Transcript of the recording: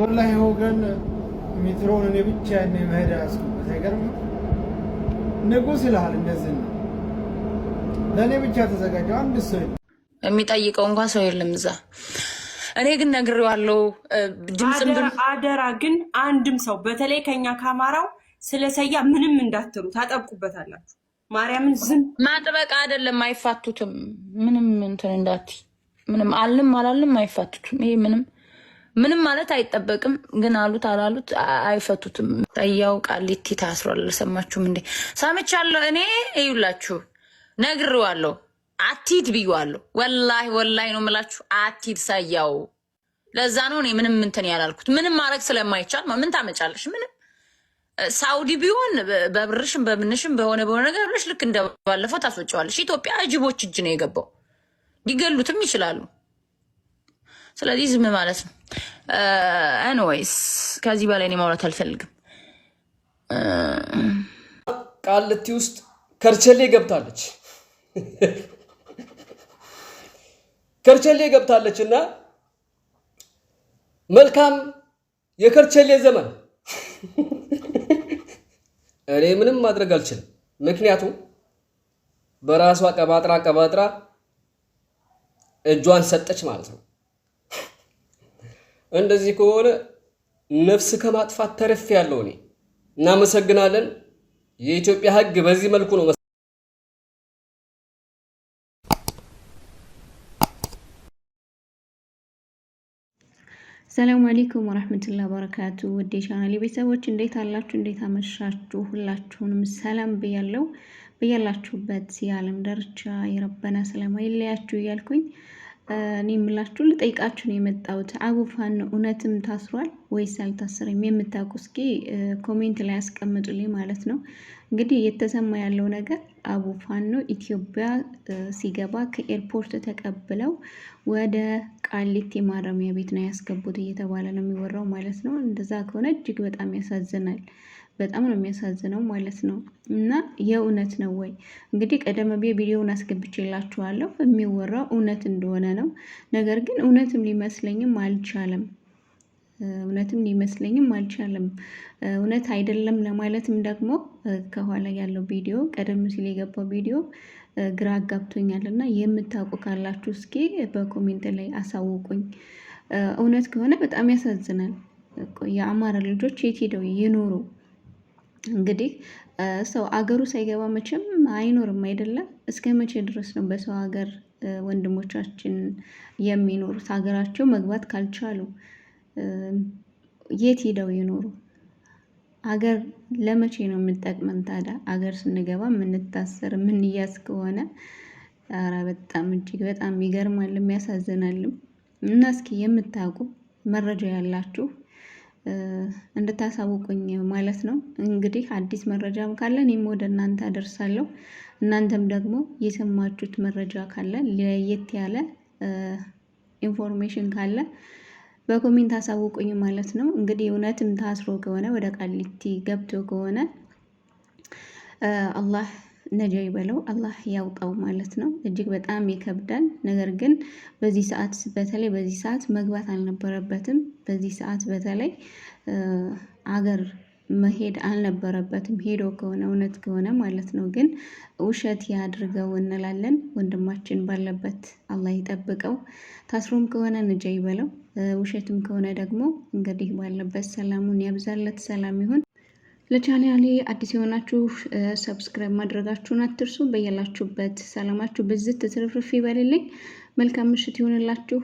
ወላሂ ወገን ሜትሮን እኔ ብቻ ነ መሄድ ያስኩበት አይገርም። ንጉስ ይልሃል እንደዚህ ነው። ለእኔ ብቻ ተዘጋጀው አንድ ሰው የሚጠይቀው እንኳን ሰው የለም እዛ። እኔ ግን ነግሬዋለሁ። ድምፅ አደራ ግን አንድም ሰው በተለይ ከኛ ከአማራው ስለ ሰያ ምንም እንዳትሉ ታጠብቁበታላችሁ። ማርያምን ዝም ማጥበቅ አይደለም አይፋቱትም። ምንም እንትን እንዳት ምንም አልም አላልም አይፋቱትም። ይሄ ምንም ምንም ማለት አይጠበቅም፣ ግን አሉት አላሉት አይፈቱትም። ጠያው ቃሊቲ ታስሯል። አልሰማችሁም እንዴ? ሰምቻለሁ እኔ እዩላችሁ ነግሬዋለሁ። አቲድ ብዩዋለሁ። ወላሂ ወላሂ ነው የምላችሁ። አቲድ ሰያው ለዛ ነው እኔ ምንም እንትን ያላልኩት፣ ምንም ማድረግ ስለማይቻል ምን ታመጫለሽ? ምንም ሳውዲ ቢሆን በብርሽም በምንሽም በሆነ በሆነ ነገር ልክ እንደባለፈው ታስወጪዋለሽ። ኢትዮጵያ እጅቦች እጅ ነው የገባው፣ ሊገሉትም ይችላሉ። ስለዚህ ዝም ማለት ነው። ኤንዌይስ ከዚህ በላይ እኔ ማውራት አልፈልግም። ቃልቲ ውስጥ ከርቸሌ ገብታለች ከርቸሌ ገብታለች እና መልካም የከርቸሌ ዘመን። እኔ ምንም ማድረግ አልችልም፣ ምክንያቱም በራሷ ቀባጥራ ቀባጥራ እጇን ሰጠች ማለት ነው። እንደዚህ ከሆነ ነፍስ ከማጥፋት ተረፍ ያለው እኔ እናመሰግናለን። የኢትዮጵያ ሕግ በዚህ መልኩ ነው። ሰላም አሌይኩም ወራህመቱላሂ በረካቱ። ውድ የቻናሌ ቤተሰቦች እንዴት አላችሁ? እንዴት አመሻችሁ? ሁላችሁንም ሰላም በያላችሁበት የዓለም ዳርቻ የረበና ሰላም አይለያችሁ እያልኩኝ እኔ የምላችሁ ልጠይቃችሁን የመጣሁት። አቡፋን እውነትም ታስሯል ወይስ አልታስርም? የምታውቁ እስኪ ኮሜንት ላይ ያስቀምጡልኝ ማለት ነው። እንግዲህ እየተሰማ ያለው ነገር አቡፋኖ ኢትዮጵያ ሲገባ ከኤርፖርት ተቀብለው ወደ ቃሊቲ ማረሚያ ቤት ነው ያስገቡት እየተባለ ነው የሚወራው ማለት ነው። እንደዛ ከሆነ እጅግ በጣም ያሳዝናል። በጣም ነው የሚያሳዝነው ማለት ነው። እና የእውነት ነው ወይ እንግዲህ ቀደም ብዬ ቪዲዮውን አስገብቼላችኋለሁ። የሚወራው እውነት እንደሆነ ነው። ነገር ግን እውነትም ሊመስለኝም አልቻለም። እውነትም ሊመስለኝም አልቻለም። እውነት አይደለም ለማለትም ደግሞ ከኋላ ያለው ቪዲዮ ቀደም ሲል የገባው ቪዲዮ ግራ አጋብቶኛል እና የምታውቁ ካላችሁ እስኪ በኮሜንት ላይ አሳውቁኝ። እውነት ከሆነ በጣም ያሳዝናል። የአማራ ልጆች የት ሄደው የኖሩ እንግዲህ ሰው አገሩ ሳይገባ መቼም አይኖርም አይደለም። እስከ መቼ ድረስ ነው በሰው ሀገር ወንድሞቻችን የሚኖሩት? ሀገራቸው መግባት ካልቻሉ የት ሂደው ይኖሩ? ሀገር ለመቼ ነው የምንጠቅመን ታዲያ? ሀገር ስንገባ የምንታሰር የምንያዝ ከሆነ ኧረ በጣም እጅግ በጣም ይገርማል፣ የሚያሳዝናልም እና እስኪ የምታውቁ መረጃ ያላችሁ እንድታሳውቁኝ ማለት ነው። እንግዲህ አዲስ መረጃም ካለ እኔም ወደ እናንተ አደርሳለሁ። እናንተም ደግሞ የሰማችሁት መረጃ ካለ ለየት ያለ ኢንፎርሜሽን ካለ በኮሜንት አሳውቁኝ ማለት ነው። እንግዲህ እውነትም ታስሮ ከሆነ ወደ ቃሊቲ ገብቶ ከሆነ አላህ ነጃ ይበለው አላህ ያውጣው ማለት ነው። እጅግ በጣም ይከብዳል። ነገር ግን በዚህ ሰዓት በተለይ በዚህ ሰዓት መግባት አልነበረበትም። በዚህ ሰዓት በተለይ አገር መሄድ አልነበረበትም። ሄዶ ከሆነ እውነት ከሆነ ማለት ነው። ግን ውሸት ያድርገው እንላለን። ወንድማችን ባለበት አላህ ይጠብቀው። ታስሮም ከሆነ ነጃ ይበለው፣ ውሸትም ከሆነ ደግሞ እንግዲህ ባለበት ሰላሙን ያብዛለት። ሰላም ይሁን። ለቻናሌ አዲስ የሆናችሁ ሰብስክራይብ ማድረጋችሁን አትርሱ። በያላችሁበት ሰላማችሁ ብዝት ትርፍርፍ ይበልልኝ። መልካም ምሽት ይሆንላችሁ።